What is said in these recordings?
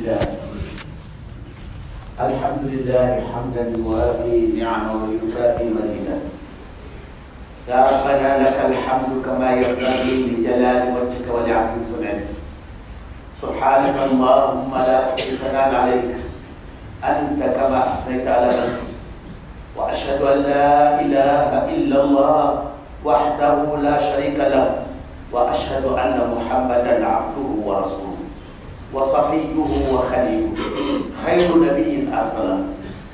لله الحمد لله حمدا يوافي نعمه ويكافي مزيدا يا ربنا لك الحمد كما ينبغي لجلال وجهك ولعظيم سمعتك سبحانك اللهم لا احصي ثناء عليك انت كما اثنيت على نفسك واشهد ان لا اله الا الله وحده لا شريك له واشهد ان محمدا عبده ورسوله wa safiyuhu wa xaliiluhu xayru nabiyyin arsala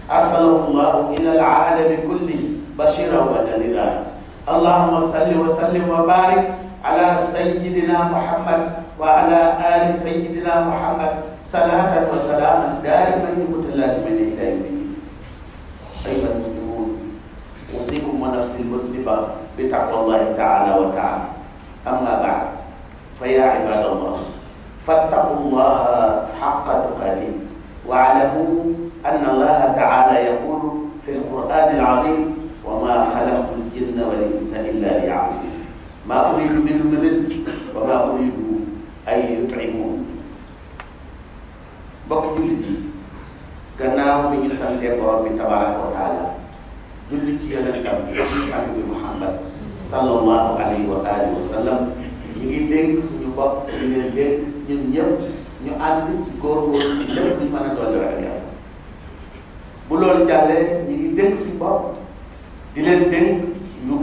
arsalahu llahu ila alaalami kulli bashira wa nadira allahuma salli wa sallim wa barik ala sayidina muhammad wa ala ali sayidina muhammad salaatan wa salaaman daa'imayni mutalaazimayni ila yawmi ddiin أيها المسلمون أوصيكم ونفسي المذنبة بتقوى الله تعالى وتعالى أما بعد فيا عباد الله fattaqu llaha haqqa tuqaatih wa'lamu anna allaha ta'ala yaqulu fi l-qur'aani l-'aziim wa maa xalaqtu l-jinna wa l-insa illa liya'buduun maa uriidu minhum rizqan dénk suñu bopp di leen dénk ñu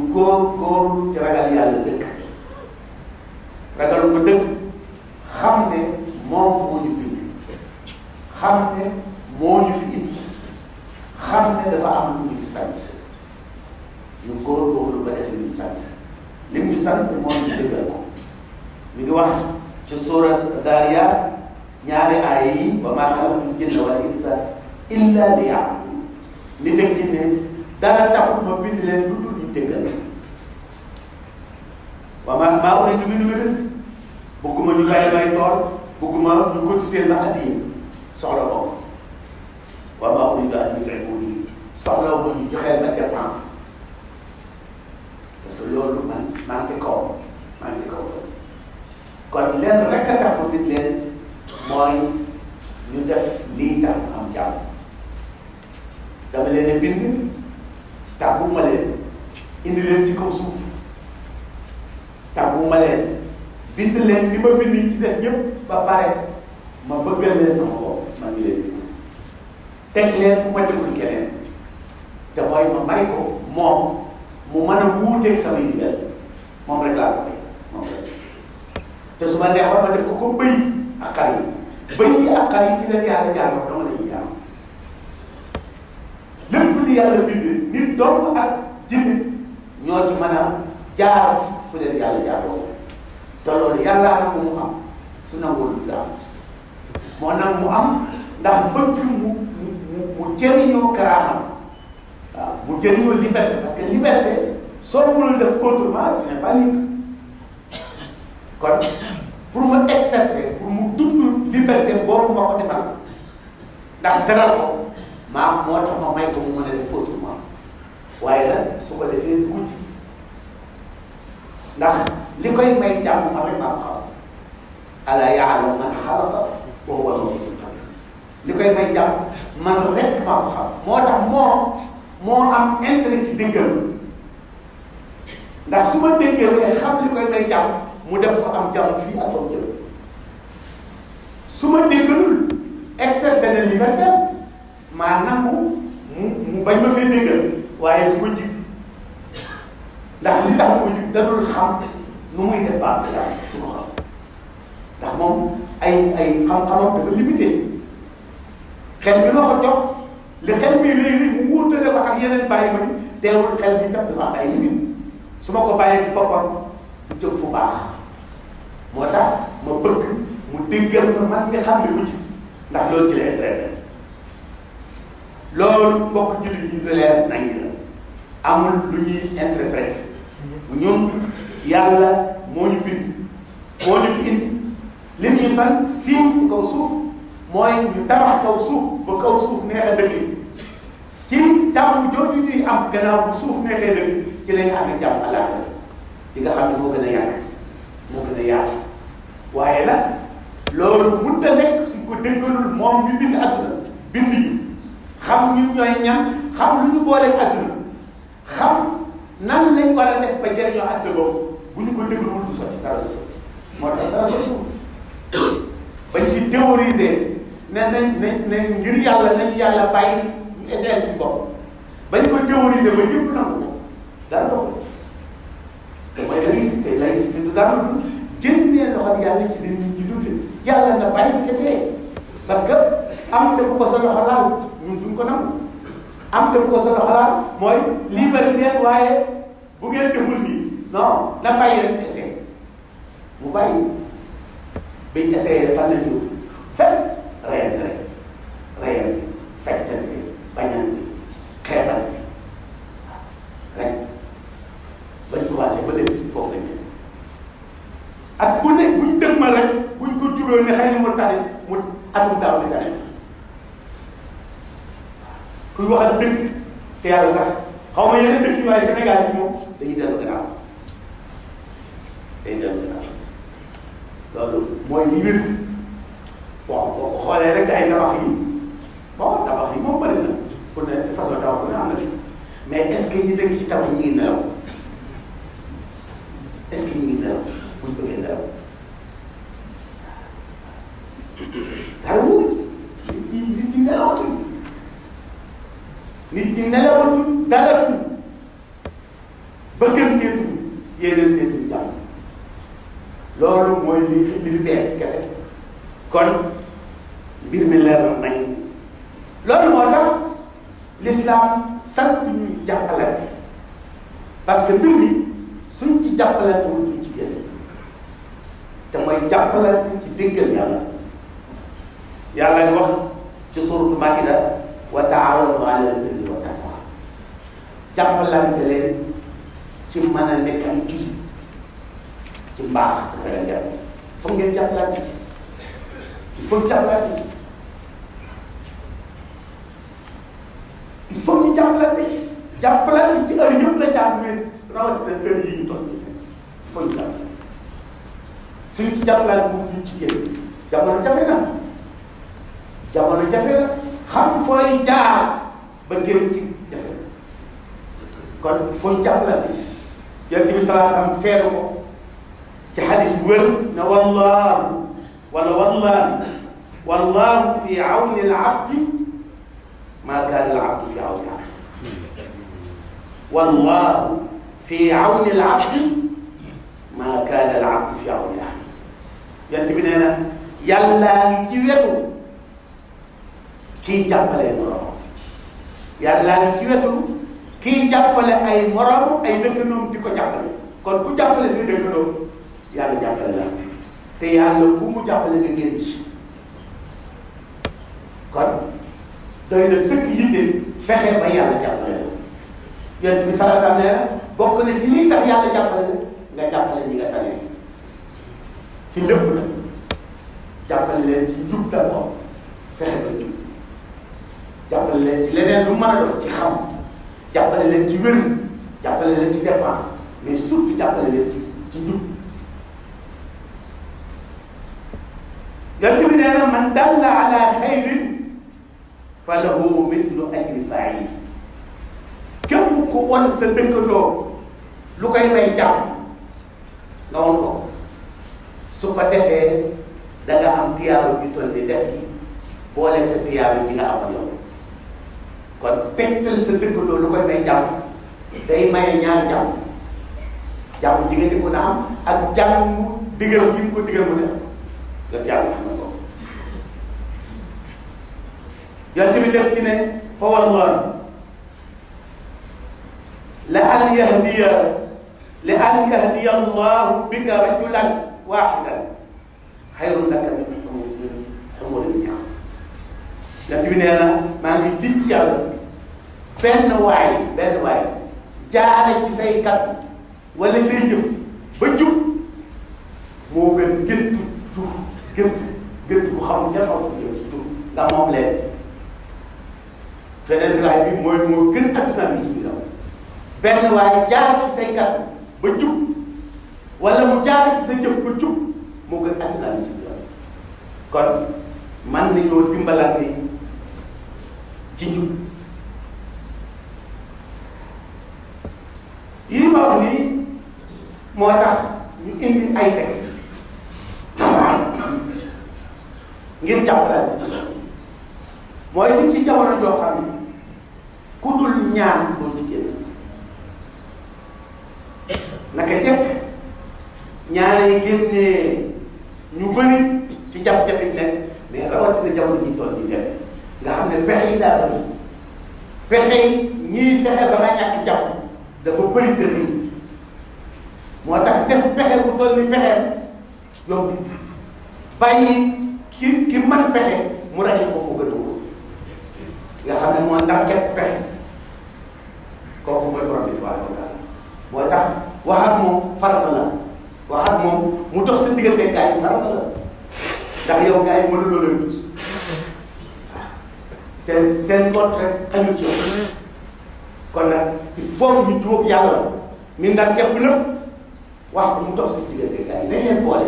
ñu minimaliste bëgguma ñu bàyyi may tool bëgguma ñu cotiser ma at yi soxla ko waaw maa ngi daal ñu koy wóññi soxla ko ñu joxeel ma dépense parce que loolu man manqué kaw manqué kaw la kon lenn rek a tax nit leen mooy ñu def lii tax mu am jàmm dama leen a bind tàggu ma leen indi leen ci kaw suuf. tàggu ma leen bind leen li ma bind ci des ñëpp ba pare ma bëggal leen sama bopp ma ngi leen bind leen fu ma deful keneen te mooy ma may ko moom mu mën a wuuteeg samay digal moom rek laa ko may moom rek te su ma neexoon ma def ko ko bëy ak xar yi bëy yi ak xar yi fi leen yàlla jaar loolu dama lañuy jaam lépp li yàlla bind nit doom ak jinne ñoo ci mën a jaar fu leen yàlla jaaroo te loolu yàllaa na mu am su nanguwul moo nag mu am ndax bëgg mu mu mu jëriñoo karaamam waaw mu jëriñoo liberté parce que liberté soo mënul def autrement tu n'es pas libre kon pour mu exercer pour mu dund liberté boobu ma ko defal ndax dara ko maa moo tax may ko mu mën a def autrement waaye ko defee guddi. ndax li koy may jàmm xam rek maa ko xam ala yaalamu man xalaqa wa huwa latiful xabir li koy may jàmm man rek maa ko xam moo moo am intérêt ci dëggal ndax su ma dëggalee xam li koy may jàmm mu def ko am jàmm fii ak fa mu jëm su ma dëggalul exercer na liberté maa nangu mu mu bañ ma fee dëggal waaye bu ko ndax li tax ko jug da doon xam nu muy def base la du ko xam ndax moom ay ay xam-xamam dafa mi loo ko jox li xel mi léegi mu wóotale ko ak yeneen bàyyi ma teewul mi tam dafa am ay limite ma ko bàyyee boppam du jóg fu baax moo tax ma bëgg mu déggal ma man nga xam ne ko ci ndax loolu ci la intérêt loolu mbokk jullit yi ñu leer nañ la amul lu ñuy interpréter ñun yàlla moo ñu bind moo ñu fi indi li ñu sant fii ci kaw suuf mooy ñu tabax kaw suuf ba kaw suuf neex a dëkk ci jàmm jooju am gannaaw bu suuf neexee dëkk ci la ñu amee jàmm àllaaxira ci nga xam ne moo gën a yàgg moo waaye nag loolu mënut a nekk suñ ko déggalul moom mi bind àdduna bind ñu xam ñun ñooy ñan xam lu ñu booleeg àdduna nan lañ war a def ba jëriñoo ak boobu bu ñu ko dégluwul du sotti dara du sotti moo tax dara sottiwul bañ si théoriser ne nañ nañ nañ ngir yàlla nañ yàlla bàyyi ñu essayé suñu bopp bañ ko théoriser ba ñëpp nangu ko dara doxul te mooy laïcité laïcité du dara lu génnee loxo yàlla ci nit ñi dundee yàlla na bàyyi ñu essayé parce que am te bu ko sa loxo laal ñun duñ ko nangu. am te bu ko solo xalaat mooy lii bëri ngeen waaye bu ngeen deful nii non na bàyyi rek essayé mu bàyyi biñ essayé fan la ñu fen reyante rek reyante settante bañante xeebante rek bañ commencé ba léegi foofu la ñu ak bu ne buñ dëgmal rek buñ ko jubee ne xëy na mu tane mu atum daaw kuy waxal dëkk te yàlla tax xaw ma yeneen dëkk yi waaye Sénégal bi moom dañuy dellu gannaaw day dellu gannaaw loolu mooy li wér bon boo ko xoolee rek ay tabax yi bon tabax yi moom bëri na fu ne façon tabax bu ne am na fi mais est-ce que ñi dëkk yi tabax yi ngi nit ñi nelawatu dalatu bëgganteetu yéenanteetu jàmm loolu mooy li li fi bees kese kon mbir mi leer na nañ loolu moo tax l'islam sant ñuy jàppalante parce que mbir mi suñ ci jàppalante wul duñ ci génn te mooy jàppalante ci déggal yàlla yàlla wax ci suratu makida wa taawanu ala jàppalante leen ci mën a nekk ay jullit ci mbaax ak ragal yàlla foog ngeen jàppalante ci il faut jàppalante ci il faut ñu jàppalante ci jàppalante ci heure yëpp la jàpp mais rawatina heure yi ñu toll nii il faut ñu jàppalante suñu ci jàppalante moom ñu ci génn jamono jafe na jamono jafe na xam fooy jaar ba génn ci kon il faut ñu jàppalante yonent bi salaasam feetu ko ci xadis bu wér na wallaahu wala wallaahi wallaahu fi awni al abdi maa kaana al abdu fi awni al abdi wallaahu fi awni al abdi maa kaana al abdu fi awni al abdi yonent bi nee na yàllaa ngi ci wetu kii jàppalee moroom yàllaa ngi ci wetu kii jàppale ay moroom ay dëkkandoom di ko jàppale kon ku jàppale say dëkkandoom yàlla jàppale la te yàlla ku mu jàppale nga génn ci kon doy na sëkk yitte fexe ba yàlla jàppale la yonent bi sallallahu alayhi wasallam nee na bokk na ci liy tax yàlla jàppale la nga jàppale ñi nga tane ci lépp nag jàppale leen ci njub d'abord fexe ba njub jàppale leen ci leneen lu mën a doon ci xam jàppale leen ci wér jàppale leen ci dépense mais surtout jàppale leen ci ci jub yonent bi nee na man dalla ala xayrin fa lahu mislu ajri faa'il képp ku won sa dëkkandoo lu koy may jàmm nga won ko su ko defee da nga am tiyaaba ju toll ni def gi booleeg sa tiyaaba ji nga amal kon tegtal sa dëkkandoo lu koy may day maye ñaar jàmm jàmm diggante ko ak jàmm digal bi ko ne loolu jàmm am ko yonte bi def ci ne fa la an yahdiya la an yahdiya allahu bika rajulan wahidan xayrun laka min gerte bi nee na maa ngi ji ci yàlla benn waay benn waay jaare ci say kat wala say ba jub moo gën gënt jur gënt gënt bu xam ca xaw sa jëf jur moom leen feneen waay bi mooy moo gën adduna bi ci biiram benn waay jaare ci say ba jub wala mu jaare ci sa jëf ba jub moo gën adduna bi ci biiram kon man nañoo dimbalante ci njub yi ma wax nii moo tax ngir jàppale mooy nit ci jamono joo xam ne ku dul ñaan boo ci génn naka jëkk ñaanee génnee ñu bëri ci jafe-jafe yi nekk mais rawatina jamono ji toll nga xam ne pexe yi daa bëri pexe yi ñiy fexe ba nga ñàkk jàmm dafa bëri moo tax def pexe bu toll ni pexe yomb bàyyi ki ki mën pexe mu ragal ko mu gën a wóor nga xam ne moo ndax képp pexe kooku mooy borom bi tabaaraka wa moo tax wax ak moom farata la mu dox sa diggante gaa yi farata la ndax yow gaa yi mënuloo leen tus seen seen contrat xañul ci kon nag il faut ñu jubóog yàlla min ndax képp lépp wax ko mu dox suñu diggante gars yi nañ leen boole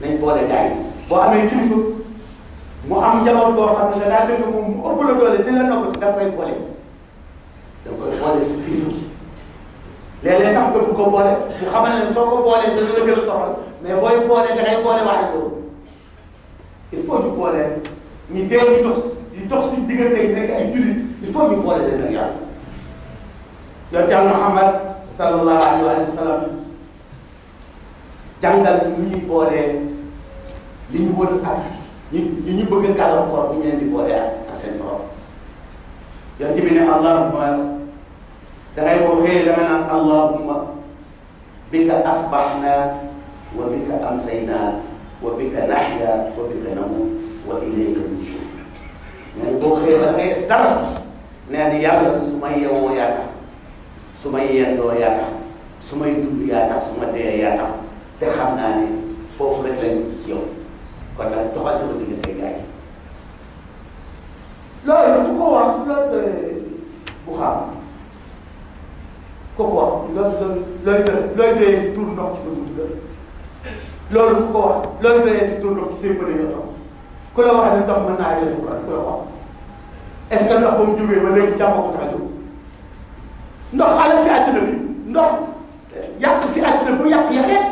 nañ boole gars yi boo amee kilifa am njaboot boo xam ne daa dégg moom mu ëpp la doole dina nokkati da nga koy boole da nga koy boole si kilifa gi léeg-léeg sax nga bëgg ko boole mu xamal ne soo ko boolee dina la gën a toxal mais booy boole da ngay boole waaye loolu il faut ñu boole ñu teel ñu dox di dox suñu diggante i nekk ay jullit il faut ñu boole leen ak yàlla yow jàng Muhammad sallallahu alayhi wa sallam li ñu wër ak ñi ñi ñu bëgg a gàllankoor bu ñu leen di boolee ak seen borom yow ci bi ne allahumma da ngay boo xëyee da nga naan wa bika amsayna wa ngay def dara nee na yàlla su ma yeewoo yaa tax su ma yendoo yaa tax su may dund yaa tax su ma dee yaa tax te xam naa ne foofu rek lañ ci yow kon nag doxal sama diggante gars yi loolu ku ko wax loolu bu xam ku ko wax loolu loolu looy doyee di tuur ndox ci sa buntu kër loolu ku ko wax looy doyee di tuur ndox ci say bëri nga toog ku la wax ne ndox mën naa régler sa problème ku la ko wax est-ce que ndox ba mu ba léegi jàmm ko tax a ndox alal fi àddina bi ndox yàq fi àddina bu yàq yaxeet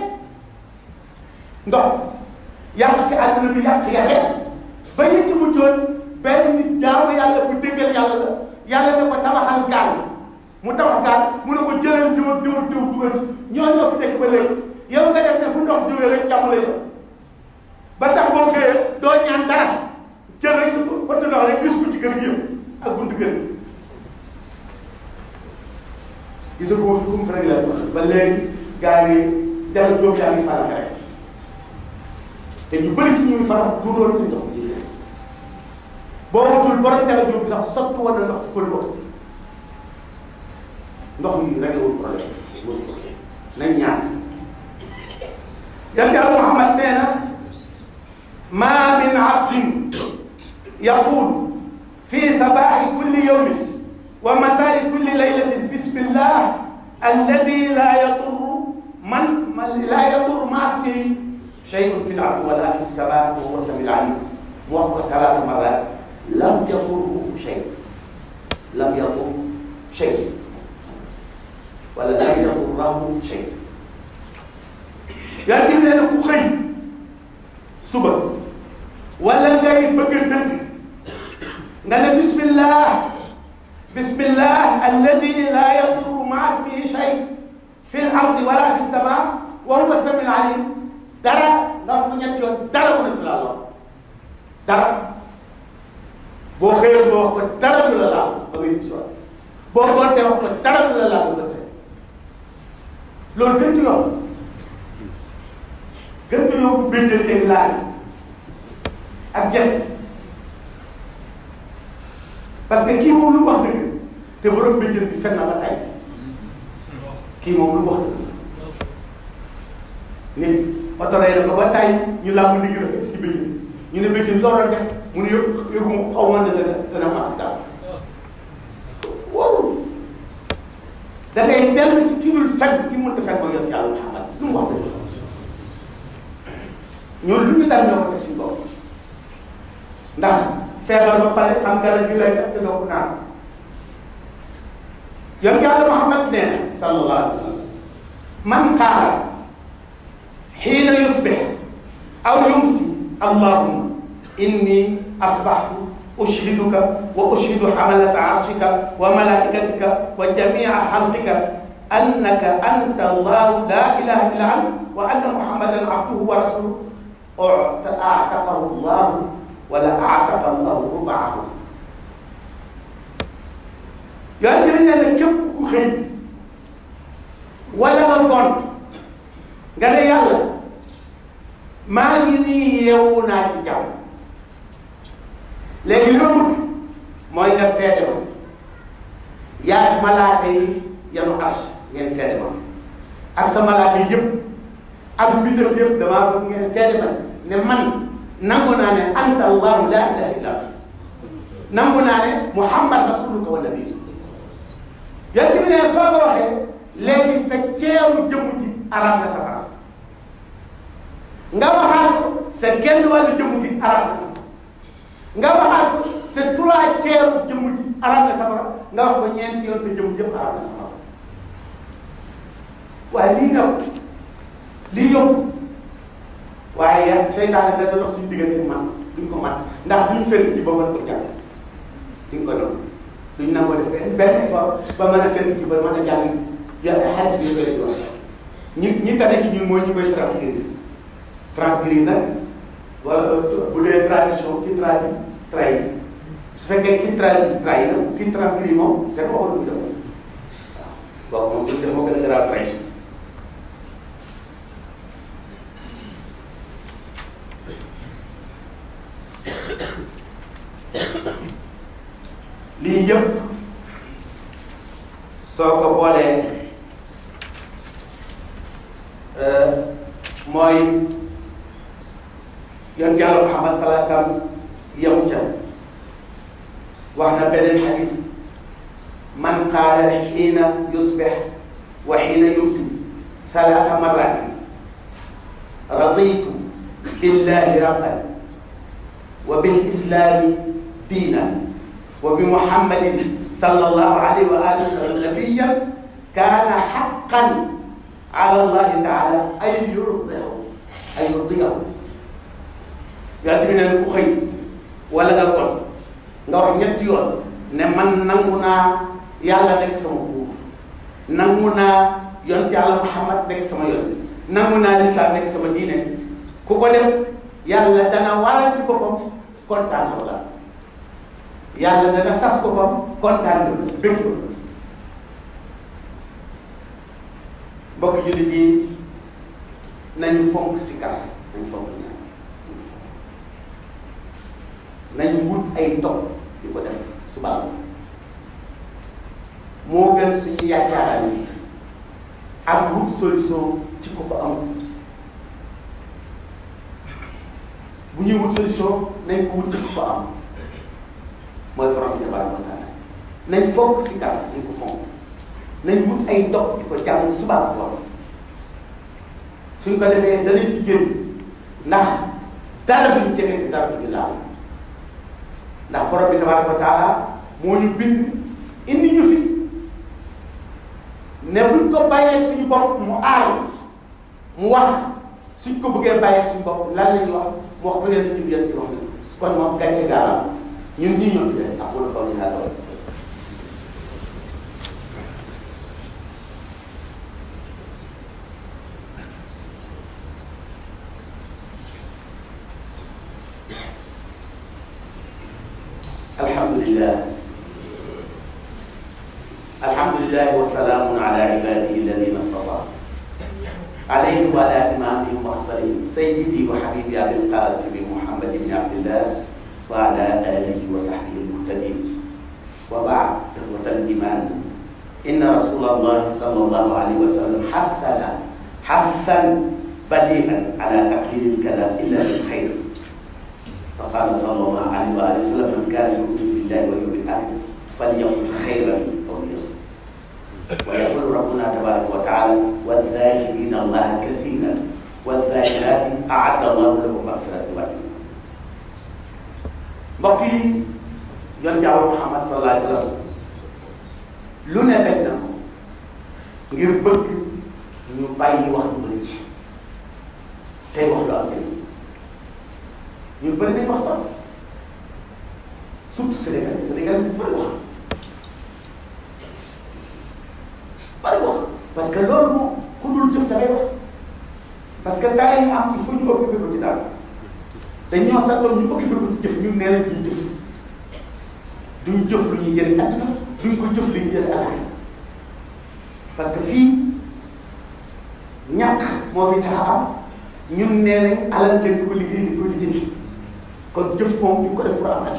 ndox yàq fi àddina bi yàq yaxeet ba yëg ci mujjoon benn nit jaamu yàlla bu déggal yàlla la yàlla da mu tabax gaal mu ne ñoo ñoo fu ndox jógee rek jàmm lay ba tax boo doo ñaan dara jël rek sa wante daal rek gis ko ci kër gi yëpp ak buntu kër gi. gis nga fi kum fere gi laay wax ba léegi gars yi jafe jóg yaa ngi faral rek te ñu bëri ci ñuy faral du loolu lañ dox ji boo wutul borom jafe jóg sax sotti woon na ndox ci pël bopp ndox mi rek la wul problème wul nañ ñaan yàlla Muhammad nee na maa min abdin يقول في صباح كل يوم ومساء كل ليلة بسم الله الذي لا يضر من, من لا يضر مع اسمه شيء في الأرض ولا في السماء وهو السميع العليم وقت ثلاث مرات لم يضره شيء لم يضر شيء ولا لم يضره شيء يأتي من ku xëy suba wala ngay bëgg a dëkk nga ne bismillah bismillah alladi laa yadurru maa ismihi shay fi l ardi wala fi sama wa huwa samiul alim dara nga ko ñett yoon dara mënatu laa lor dara boo xëyee suba wax ko dara du la laal ba nga yib soo boo gontee wax ko dara du la laal ba nga see loolu gën di yomb gën di yomb bindal ak laaj ak jënd parce que kii moom lu mu wax te borom béykat bi fen na ba tey kii moom lu mu wax dëgg nit oto rey na ko ba tey ñu làmb nit ñi rafet ci béykat ñu ne béykat bi loo doon mu ne yëpp yëgu ma xaw ma ne dana dana am accident waaw da ngay dellu ci kii dul fen ki mënut a fen mooy yónni yàlla Muhammad lu mu wax dëgg ñun lu ñu daan ñoo ko teg si bopp ndax. feebar ba pare xam garab yi lay fekk te doo ko naan yonent yàlla Muhammad nee na sallallahu alayhi wa sallam man qaala xiina yusbix aw yumsi allahumma inni asbaxtu ushhiduka wa ushhidu xamalata arshika wa malaa'ikatika wa jamiica xalqika annaka anta allahu laa ilaaha illaa anta wa anna muhammadan abduhu wa rasuluhu a'taqahu allahu wala aataqa allahu rubaahu yonent bi nee na képp ku xëy wala nga gont nga ne yàlla maa ngi nii naa ci jàmm léegi li mooy nga seede ma yaa malaaka yi yanu arsh ngeen seede ma ak sa malaaka yi yëpp ak mbindéef yëpp damaa bëgg ngeen seede ma ne man nangu naa ne anta allahu laa ilaha nangu naa ne muhammad rasuluka wa nabi yonent bi ne soo ko waxee léegi sa ceeru arab na safara nga waxaat sa genn wàllu jëmm ji arab na safara nga waxaat sa trois ceeru jëmm ji arab na safara nga wax ko ñeenti yoon sa jëmm arab na safara waaye lii waaye yan a da dox suñu diggante man duñ ko mat ndax duñ fenn ji ba mën ko jàng duñ ko doon duñ nangoo def benn benn ba mën a ba mën a jàng yàlla bi ñu koy wax ñu ñi tane ci ñun mooy ñu koy transcrire transcrire nag wala bu dee tradition ki traduit trahi su ki traduit trahi na ki transcrire moom kenn waxul lu muy def waaw boobu moom duñ def moo gën a garaaw lii yëpp soo ko boolee euh, mooy yan yàlla Muhammad salaa salaam yamu ca wax na beneen xadis man qaala xiina yusbix wa xiina yumsi thalaasa marratin raditu billahi rabban wa bil islami diinan wa bi muhammadin sallallahu alayhi wa alihi wa sallam nabiyyan kaana haqqan ala allahi taala ay yurdiyahu ay yurdiyahu yàlla tamit nee ku xëy wala nga kon nga wax ñetti yoon ne man nangu naa yàlla nekk sama buur nangu naa yont yàlla muhammad nekk sama yoon nangu naa lislaam nekk sama diine ku ko def yàlla dana waral ci boppam kontaan yàlla dana sas ko bam kontaan loolu bëgg loolu mbokk jullit yi nañu fonk sikar nañu fonk ñaan nañu wut ay topp di ko def subaa moo gën suñu yaakaaraan yi ak wut solution ci ko ko amul bu ñuy wut solution nañ ko wut ci ko am mooy borom bi tabaraka wa taala nañ fonk si kàddu nañ ko fonk nañ wut ay ndox di ko jàmm subaab borom suñ ko defee danañ ci génn ndax dara duñ jege te dara duñ laal ndax borom bi tabaraka wa taala moo ñu bind indi ñu fi ne buñ ko bàyyeeg suñu bopp mu aar mu wax suñ ko bëggee bàyyeeg suñu bopp lan la ñuy wax mu wax ko yenn ci biir ci wax kon moom gàcce gaalaam ñun ñii ñoo ci des aqulu qawli haaza wa alhamdulilah alhamdulilah wa salaamun ala ibadihi alladina stafa alayhim wa ala imamihim wa asbarihim sayyidi wa rasulallahi sallallahu alayhi wa sallam xassana xassan baliigan ala taqlil al-kalaam illa bil xayr fa qaala sallallahu alayhi wa alihi wa sallam man kaana yu'minu billahi wal yawmil aaxir falyaqul xayran aw liyasmut wa yaqulu rabbuna tabaaraka wa taala waddaakiriina allaha kathiiran waddaakiraati a'adda allahu lahum magfiratan wa ajran mbokk yi yoon jaawu Muhammad sallallahu alayhi wa sallam lu ne daj na ngir bëgg ñu bàyyi wax lu bëri ci tey wax lu am njëriñ ñu bëri nañ waxtaan surtout Sénégal Sénégal bu bëri wax bëri wax parce que loolu moom ku dul jëf da ngay wax parce que temps yi am il faut ñu occupé ko ci daal dañ ñoo sàttoon ñu occupé ko ci jëf ñun nee nañ duñ jëf duñ jëf lu ñuy jëriñ àdduna duñ ko jëf lu ñuy jëriñ àdduna parce que fii ñàkk moo fi tax a am ñun nee alal kenn du ko liggéey di ko lijjanti kon jëf moom ñu ko def pour am at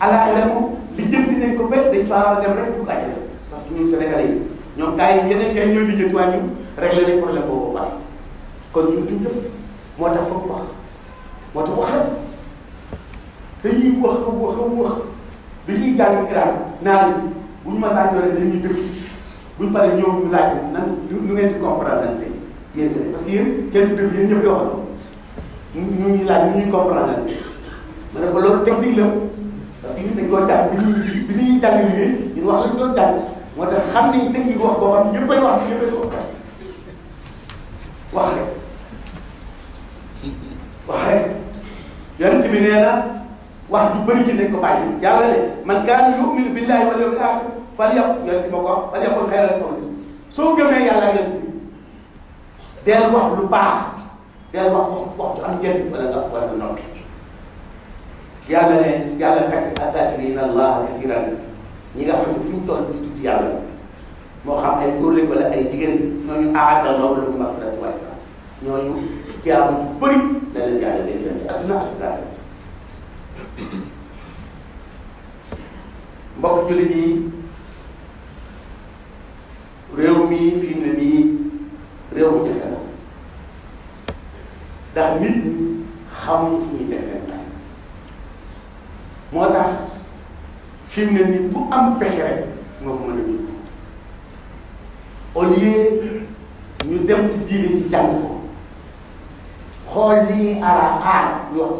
alaaxira moom lijjanti nañ ko ba dañ faa war a dem rek pour àjjana parce que ñun sénégalais yi ñoom gars boobu waaye kon ñun duñ jëf moo tax foog wax moo tax wax rek dañuy wax wax wax bi ñuy jàng iraan naan bu ñu masaan dañuy dëkk bu ñu paree ñëw ñu laaj bi nan ngeen di comprendre tey yéen seen parce que yéen kenn dëgg yéen ñëpp yoo xam ñu ñu laaj ñu ñuy comprendre tey ma ne ko loolu technique la parce que ñun dañ koo jàng bi ñuy bi ñuy jàng liggéey ñun wax lañ doon jàng moo tax xam nañ technique wax boo xam ne ñëppay wax ñëppay ko wax rek wax rek yonent bi nee na wax ju bëri ji ko bàyyi yàlla de man kaana yu'minu billahi wal yawmil akhir fal yàpp yonent bi moo ko wax fal yàpp xayran aw liyasmut soo gëmee yàlla ak yonent bi del wax lu baax del wax wax wax ju am njëriñ wala nga wala nga noppi yàlla ne yàlla takk azaakiriina allaha kasiran ñi nga xam ne fu ñu toll di tudd yàlla moo xam ay góor lañ wala ay jigéen ñooñu aada allahu lahum magfiratan wa ajran ñooñu jaamu bu bëri la leen yàlla dencal ci adduna ak laaxira mbokk jullit yi réew mii fi mu ne nii réew mu jafe la ndax nit ñi xamuñu fu ñuy teg seen moo tax fi mu ne bu am pexe rek nga ko mën a dugg au lieu ñu dem ci diine ci jàng ko xool lii ara aar yokk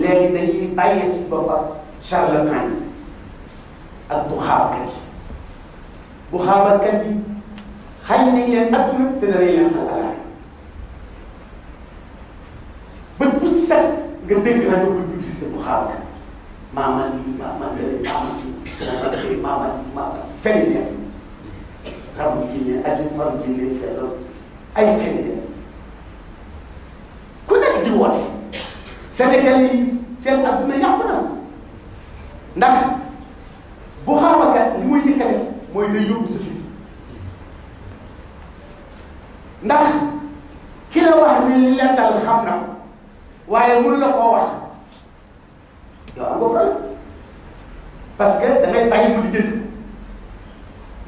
léegi dañuy bàyyee suñu boppam charlatan yi ak bu xaabakat yi bu xaabakat yi. xañ nañ leen adduna te danañ leen xañ alaay bët bu set nga dégg rajo bu publicité bu xaaw ka maamal lii maamal lële maamal lii maamal lële maamal lii maamal fenn ne rabu jinne ajum faru jinne fenn ay fenn ne ku nekk di woote Sénégal yi seen adduna yàqu na ndax bu xaaw kat li muy yëkka def mooy day yóbbu sa fi ndax ki la wax daal li la dal xam waaye mun la koo wax yow am nga problème parce que da ngay bàyyi mu di jënd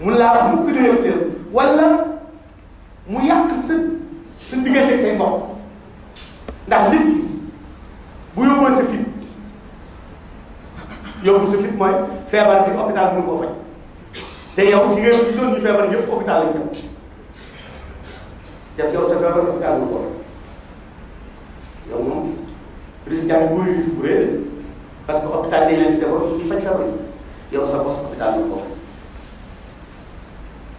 mun laa wax mukk dëgër dëgër wala mu yàq sa sa digganteeg say mbokk ndax nit ki bu yóbboo sa fit yóbbu sa fit mooy feebar bi hôpital mënu koo faj te yow ki nga gisoon ñu feebar yëpp hôpital lañ def yow sa feebar ak gàllankoor yow moom risque yaa ngi bëri risque bu rëy parce que hôpital day leen fi defoon ñu faj feebar yi yow sa bos hôpital ñu ko faj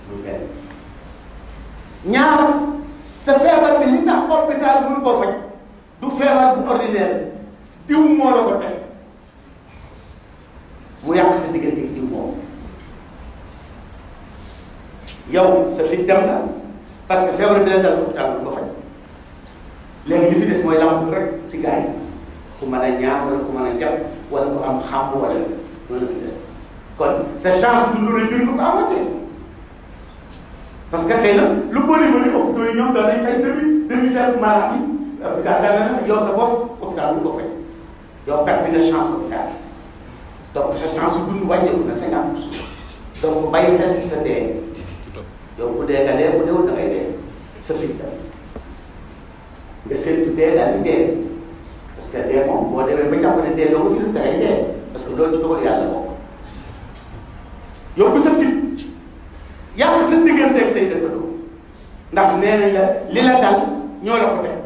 lu benn ñaar li tax hôpital bu ñu du feebar bu ordinaire diw moo la ko teg mu yàq sa diggante diw moom yow dem na. parce que feebar bi leen dal hôpital bu ko faj léegi mooy lamp rek ci gars yi ku mën a ñaan wala ku mën a jàpp wala am xam wala sa chance du lu rëy ko ko amati parce que xëy na lu bëri bëri hôpitaux yi demi demi feebar maladie hôpital daal na yow sa bos hôpital bu ko faj yow chance hôpital donc sa chance dund wàññeeku na cinquante pour cent donc bàyyi xel si sa dee yow ku dee nga dee ku dewul da ngay dee sa fit la nga séntu dee daal di dee parce que dee moom boo demee ba jàpp ne dee doo ko fi def da ngay dee parce que loolu ci dogal yàlla bokk yow bu sa fit yàq sa diggante ak say dëkkandoo ndax nee nañ la li la dal ñoo la ko teg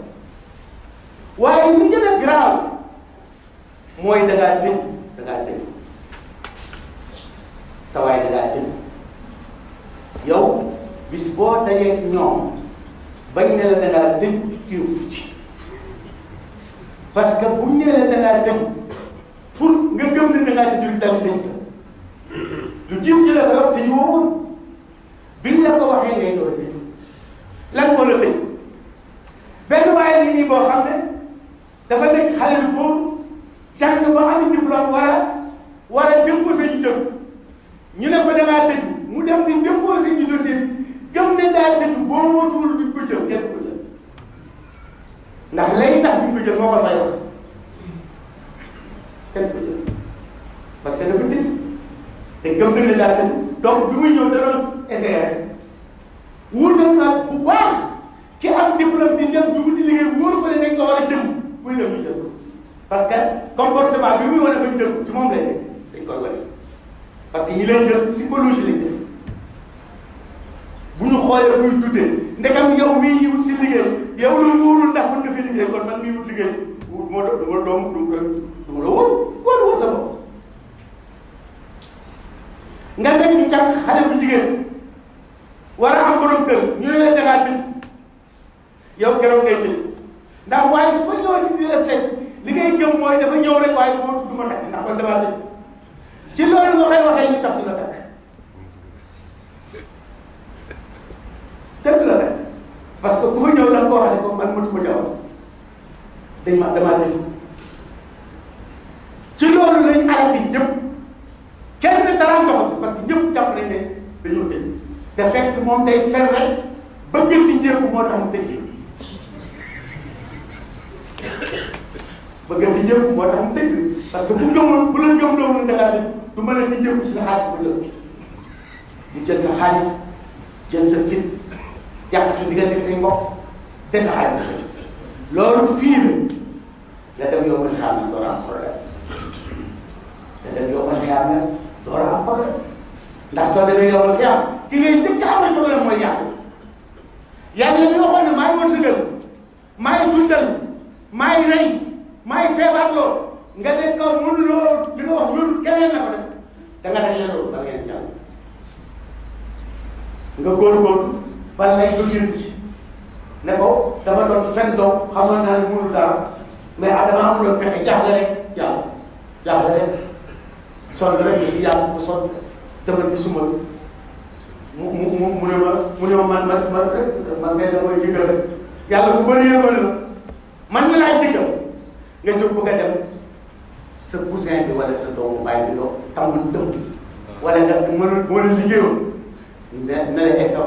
waaye li gën a grave mooy da ngaa dégg da ngaa dégg sa waay da ngaa dégg yow bis boo dajeeg ñoom bañ ne la da ngaa dënku téewu ci parce que buñ ne la da ngaa dënku pour nga gëm ne da ngaa ci jul dal dënk lu jiw ci la ko wax te ñu wowoon biñ la ko waxee ngay door a tëj lan moo la tëj benn waaye li nii boo xam ne dafa nekk xale bu góor jàng ba am diplôme wala wala déposé ñu jëm ñu ne ko da ngaa tëj mu dem di déposé ñu dossier bi gëm ne daa dëgg boo wóotuwul duñ ko jël kenn ko jël ndax lay tax duñ ko jël moo ko fay wax kenn ko jël parce que dafa dëgg te gëm na ne daa dëgg donc bi muy ñëw da doon essayer wuutal naa bu baax ki am diplôme di dem di wuti liggéey wóor ko ne dañ ko war a jëm muy dem mu jël parce que comportement bi muy wane bañ jël ci moom lay def dañ koy wane parce que ñi lay jël psychologie lañ def. bu ñu xoolee muy dutee ndegam yow mii wut si liggéey yow bu wóorul ndax mën nga fi liggéey kon man mii wut liggéey wut moo doon dama doom du dama la wóor wóor wóor sa bopp nga nekk ci jàng xale bu jigéen war a am borom kër ñu ne la dangaa tëj yow keroog ngay tëj ndax waaye su fa ñëwati di la seet li ngay gëm mooy dafa ñëw rek waaye boo du ma takk ndax man damaa tëj ci loolu nga koy waxee ñu takk la dëgg la nag parce que bu fa ñëw da nga koo xam ne comme man mënut ma jaww dañ ma damaa dégg ci loolu lañ arab yi ñëpp kenn dara ndox parce que ñëpp jàpp nañ ne dañoo dégg te fekk moom day ferre bëggati njëriñ moo tax mu tëjee bëggati njëriñ moo tax mu tëjee parce que bu gëmoon bu la gëmloo da ngaa dégg du mën a tëjee ko ci sa xaalis bu njëkk mu jël sa xaalis fit. yàq sa diggante ak say mbokk te sa loolu fii la dem yombal xaar na door a am problème la dem yombal xaar na door a am problème ndax soo demee yombal xaar ki ngay njëkk a amal problème mooy yàqu yàlla mi waxoon ne maay wërsëgal maay dundal maay rey maay feebarloo nga ne ko mënuloo li nga wax loolu keneen na ko def da nga def loolu da ngeen jàll bal lay ba yëngu ci ne ko dama doon fen doom xamoon naa ne mënul dara mais ah dama amuloon pexe jaaxle rek yàlla jaaxle rek sonn rek la fi yàlla ma sonn mu mu mu mu ne ma man man man man nee mooy yëngal rek yàlla bu bëri man nga laa jëgal nga jóg bëgg dem sa cousin bi wala sa doomu bàyyi bi doo tamoon dëmm wala nga mën a mën a la egg eh, sa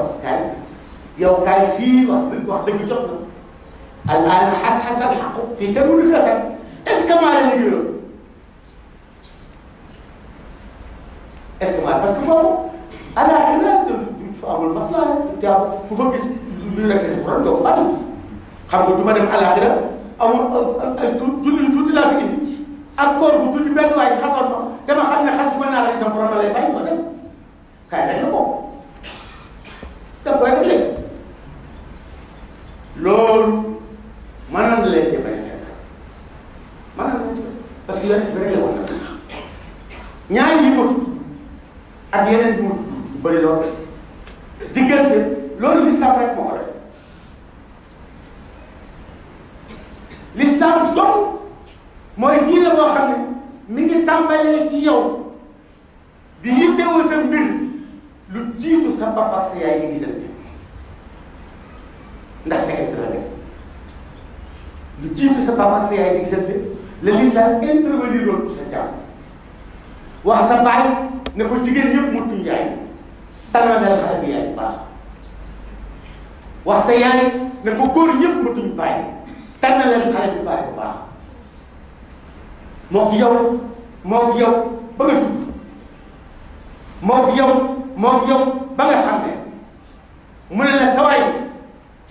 yow kaay fii wax dëgg wax dëgg jot na al'aana xas-xasal xaqu fii kenn mënu fi fen est-ce que maa la liggéeyoon est-ce que maa parce que foofu alaaxira duñ fa amul maslaa jaabu ku fa gis luy rek si problème doo ko bàyyi xam nga du ma dem alaaxira amul ay julli tuuti laa fi indi ak koor bu tuuti benn waay xasoon ma dama xam ne xas mën naa la sama problème lay bàyyi ma dem kaay rek la ko loolu mënaan la leen di bañ a fekk mënaan la leen di parce que yeneen bi rek la war na ñaari yi ko fi ak yeneen bi mu bëri lool diggante loolu li rek moo ko def lislaam donc mooy diine boo xam ne mi ngi tàmbalee ci yow di yittewoo sa mbir lu jiitu sa papa ak sa yaay di gisal tiitu sa papa sa yaay di gisante la lislaam intervenir loolu sa jàmm wax sa baay ne ko jigéen ñëpp mutuñ yaay tànnalal xale bi yaay bu baax wax sa yaay ne ko góor ñëpp mutuñ baay tànnalal xale bi baay bu baax moog yow moog yow ba nga tudd moog yow moog yow ba nga xam ne mu ne la sawaay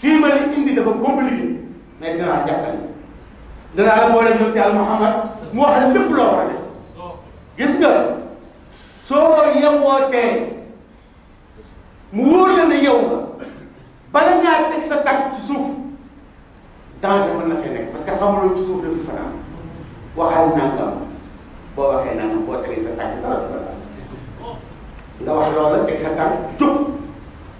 fii ma la indi dafa compliqué mais dinaa jàppale danaa la boole ñoom yàlla Muhammad mu wax lépp loo war a def gis nga soo yewoo tey mu wóor la ne yow bala ngaa teg sa tànk ci suuf na fee nekk parce que xamuloo ci suuf la fi fanaan waxal nangam boo waxee nangam boo tegee sa tànk wax loola teg sa tànk jóg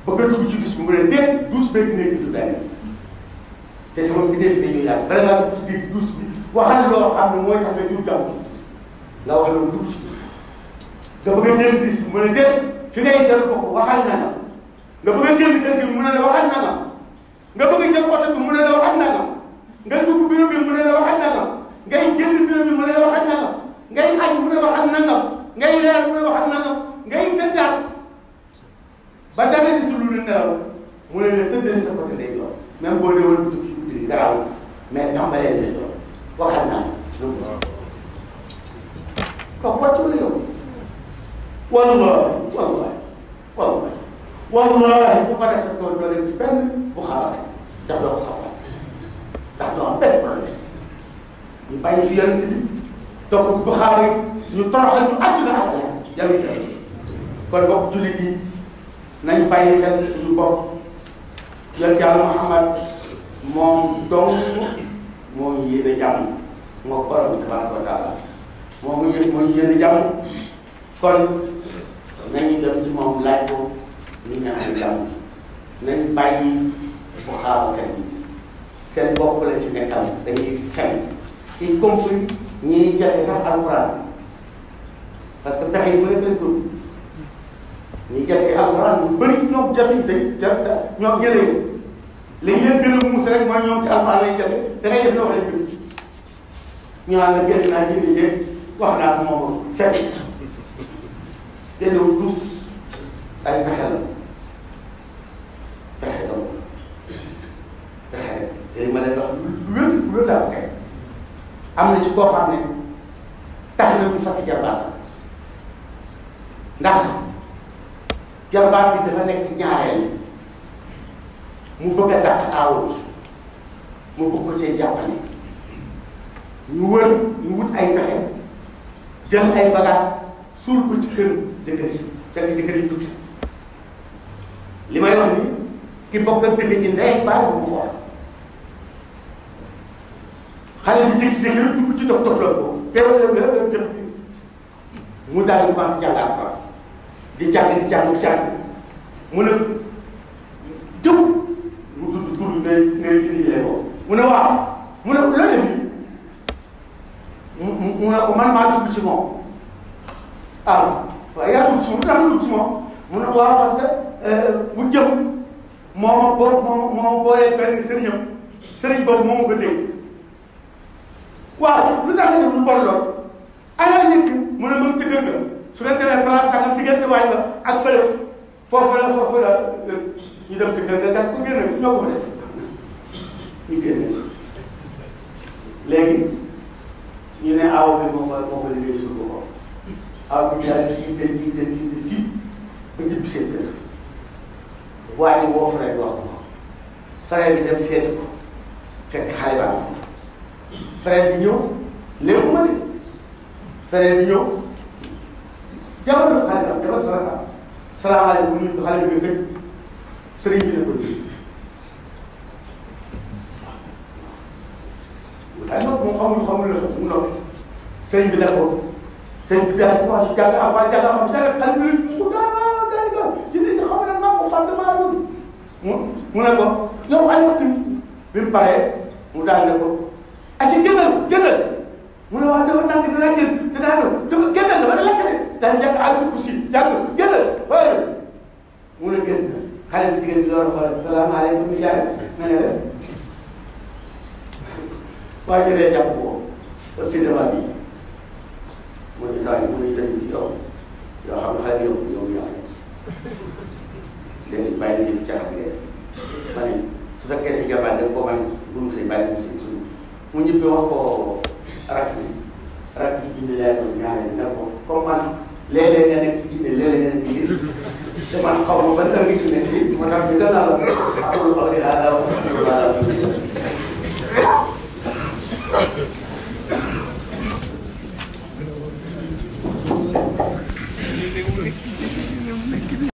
ba nga dugg ci mu ne teel douche beeg néeg bi te sama biddeef dañuy yàgg bala ngaa dugg ci biir duus bi waxal loo xam ne mooy tax nga jur jàmm nga wax loolu dugg ci duus bi nga bëgg a jël bis bi mën a jël fi ngay jël bopp waxal nangam nga bëgg a jël kër bi mën a la waxal nangam nga bëgg a jël oto bi mën a la waxal nangam nga dugg bureau bi mën a la waxal nangam ngay jënd bureau bi mën a la waxal nangam ngay añ mën a waxal nangam ngay reer mën a waxal nangam ngay tëddaat ba dara gisul lu dul nelaw mu ne la tëddali sa côté day doon même boo dee woon tukki bi garaawul mais tàmbalee nañ doon waxal naa lu mu kooku wàccu la yow wallahi wallahi wallahi wallahi bu ko respecté woon doo leen ci benn bu xamante daf doo ko soxla ndax doo am benn problème ñu bàyyi fi yonent bi topp bu xaar ñu toroxal ñu àdduna ak yàlla yàlla kon bokk jullit yi nañu bàyyi xel suñu bopp yonent yàlla Muhammad moom dong moo ñu yéene jàmm moo borom tabaraka wa taala moom mu yéen moo ñu yéene jàmm kon nañu dem ci moom laaj ko ñu ñaan jàmm nañ bàyyi bu xaabakat yi seen bopp lañ ci nekkal dañuy fen y compris ñiy jate sax alxuraan parce que pexe yi fu nekk lañ ko ñiy jate alxuraan bu bëri ñoom jate dañ jate ñoom jëlee li ñu leen gën a muus rek mooy ñoom ci alpha lay jafe da ngay def loo xam ne ñu naan la gën naa jënd jeeg wax naa ko moom fekk jëndewul tous ay pexe la pexe taw pexe rek te li ma leen wax lu lu la teg am na ci koo xam ne tax na ñu fas jarbaatam ndax jarbaat bi dafa nekk ñaareel. mu bëgg a dàq aawo bi mu bëgg ko cee jàppale ñu wër ñu wut ay pexe jël ay bagage suul ko ci kër jëkkër ji fekk jëkkër yi tukki li may wax ni ki bokk ak jëkkër ji ndey baal bu mu ko wax xale bi jékki-jékki rek dugg ci dof dof la ko teewul la mu daal di commencé jàng alxuraan di jàng di jàng mu ne jëw ngay ngay digle ko mu ne waaw mu ne loo def mu mu ne ko man maa dugg ci moom ah waaye yaa dugg ci moom lu tax ma dugg ci moom mu ne waaw parce que bu euh, jëm moo ma boo moo moo boolee benn sëriñam sëriñ boobu moo ma ko dégg waaw lu tax nga def lu bon lool ana nit ki mu ne moom ci kër ga su leen demee place sangam diggante waay ba ak fële foofu la foofu la euh, ñu dem ci kër ga gas ko génne ñoo ko fa def ñu génne léegi ñu ne aw bi moo ko moo ko liggéey suñu boppam aw bi daal jiite jiite jiite jiite ba ñibbi seen kër waa ji woo frère bi wax ko frère bi dem ba am frère bi ñëw léegi ma ne frère bi ñëw jabar xale bi am jabar xale bi am salaamaaleykum ñu ko waaye moom moom xamul xamul la mu noppi sëñ bi def ko sëñ bi def ko waa si jàng am waa jàng am jàng xale bi mu daal daal di ko jënd ci xaw na naa ko fan damaa doon mu mu ne ko yow ayoo kii bi mu paree mu daal ne ko a ci génnal génnal mu ne waa dafa naan dinaa génn dinaa doon dafa génnal dafa ne lekk de daan jàng àgg si jàng génnal waaye mu ne génn xale bi jigéen bi door a xoolal salaamaaleykum jaay na nga def waa ji dee jàpp ko cinéma bi mu ni saa yi mu ni sëñ bi yow yoo xam ne xale yow yow yaa léegi bàyyi si caaxaan ngeen ma ne su fekkee si jabaar da ko man buñu si bàyyi mu si suñu mu ñibbi wax ko rak bi rak bi bind leeral ñaare bi ne ko comme man léeg-léeg nga nekk jinne léeg-léeg nga nekk nit te man xaw ma ban heure nga ci nekk moo tax ñu gën a la